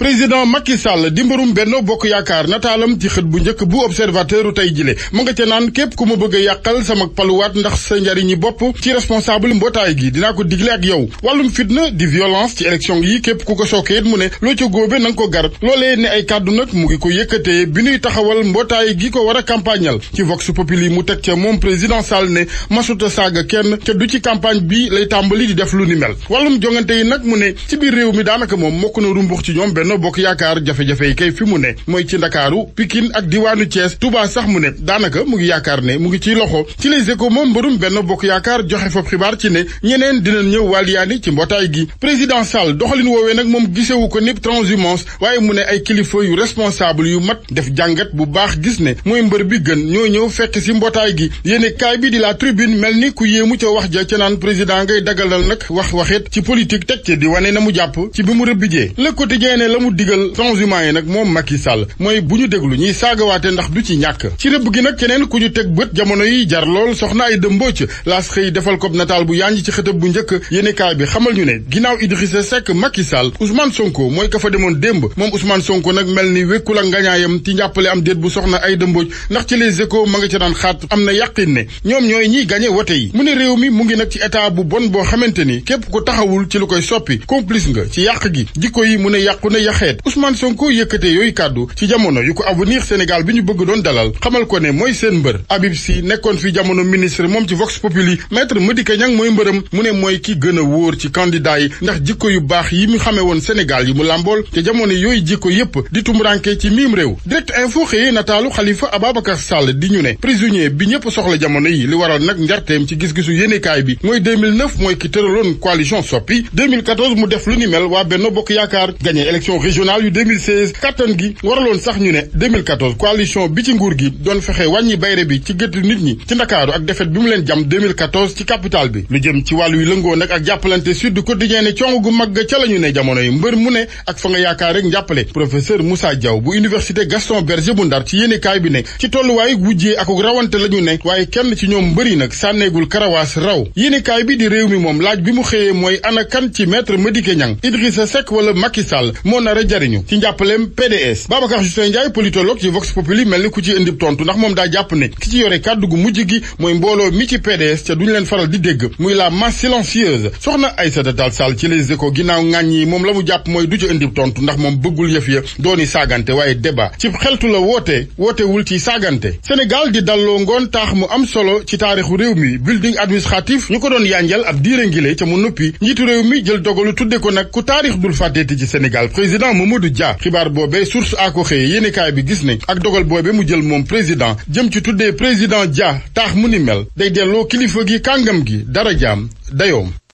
président Macky Sall di Benno Bokk yakar natalam ci xet bu ñëk bu observateur tay jilé mo nga ci naan képp ku ma bëgg yakal sama paluwaat ndax sa ñi bop ci responsable mbotay gi dina ko diglé ak yow walum fitna di violence ci élection yi képp ku ko soké mu né lo ci gobé nang ko gar lolé ne ay kàddu nak mu ngi ko yëkëté bi ñuy taxawal mbotay gi ko wara campagneal ci vox populi mu tek ci mom président Sall ne masuta saga kenn ci du ci campagne bi lay tambali di def lu ni mel walum jongante yi nag mu né ci biir réew mi daanaka mom moko na rumbux ci ñom Benno Bokk Yaakaar jafe-jafe kay fi mu ne mooy ci Ndakaaru Pikine ak diwaanu Thiès Touba sax mu ne daanaka mu ngi yaakaar ne mu ngi ci loxo ci Les Échos moom mbërum benn Bokk Yaakaar joxe fab xibaar ci ne ñeneen dinañ ñëw wàlliyaani ci mbootaay gi président Sall doxalin woowe nag moom gisewu ko népp transhumance waaye mu ne ay kilifa yu responsable yu mat def jàngat bu baax gis ne mooy mbër bi gën ñoo ñëw fekk si mbootaay gi yéene kaay bi di la tribune mel ni ku yéemu ca wax ja naan président ngay dagalal nag wax waxeet ci politique teg ci wane na mu jàpp ci bi mu rëbbijee la mu digal changement yi nag moom Macky Sall mooy bu ñu déglu ñuy saagawaate ndax du ci ñàkk ci rëbb gi nag keneen ku ñu teg bët jamono yi jar lool soxna ay dëmbooc ko nataal bu yanj ci xëtëb bu njëkk yéenekaay bi xamal ñu ne ginnaaw Idrissa Seck Macky Sall Ousmane Sonko mooy ka fa demoon démb moom Ousmane Sonko nag mel ni wékkul ak ngañaayam ci njàppale am déet bu soxna ay dëmbooc ndax ci les échos ma nga ca daan xaat am na yàqin ne ñoom ñooy ñiy gañe mu ne réew mi mu ngi nag ci bu bon boo xamante ni képp ku taxawul ci lu koy soppi complice nga ci yàq ya Ousmane Sonko yëkëté yoy kàddu ci jamono yu ko avenir Sénégal bi ñu bëgg doon dalal xamal ko ne moy seen mbeur Habib Sy fi jamono ministre mom ci Vox Populi maître Madické Niang moy mbeureum mu ne mooy ki gëna woor ci candidat yi ndax jikko yu baax yi mu xamé won Sénégal yi mu lambol te jamono yoy jikko yépp di ranké ci mim réew direct info xëyee nataalu Khalifa ababakar Sall di ñu né prisonnier bi ñëpp soxla jamono yi li waral nag njarteem ci gis-gisu yéenekaay bi moy 2009 moy ki tëraloon coalition Sopi. 2014 mu def lu ni mel wa Benno Bokk gagné élection élection régionale du 2016 kattan gi waraloon sax ñu 2014 coalition bi ci nguur gi doon fexé wañi bayré bi ci gëtt nit ñi ci Dakar ak defet bi mu leen jam 2014 ci capitale bi lu jëm ci walu yi lëngoo nak ak sud du quotidien né ciongu gu mag ca la jamono yi mbeur mu ne ak fa nga yaakaar rek professeur Moussa Diaw bu université Gaston Berger bu Ndar ci kay bi né ci way wujjee ak rawante la ñu ne waaye kenn ci ñom mbeuri nak sanégul karawaas raw kay bi di réew mi mom laaj bi mu moy ana kan ci maître Idrissa Seck wala Macky Sall moo nar a jariñu ci njàppaleem PDS Babacar Justin Ndiaye politologue ci Vox Populi mel ni ku ci indi tontu ndax moom daa jàpp ne ki ci yore kàddu gu mujj gi mooy mbooloo mi ci PDS te duñu leen faral di dégg muy la masse silencieuse soxna Aïssata Tall Sall ci Les Échos ginnaaw ŋàññ yi moom la mu jàpp mooy du ci indi tontu ndax moom bëggul yëf ya dooni saagante waaye débat ci xeltu la woote wootewul ci saagante Sénégal di dalloo ngoon taax mu am solo ci taarixu réew mi président Mamadou Dia xibaar boobe source a ko xëye yéenekaay bi gis ne ak dogal boobe mu jël moom président jëm ci tuddee président Dia taax mu ni mel day delloo kilifa gi kàngam gi dara jaam dayoom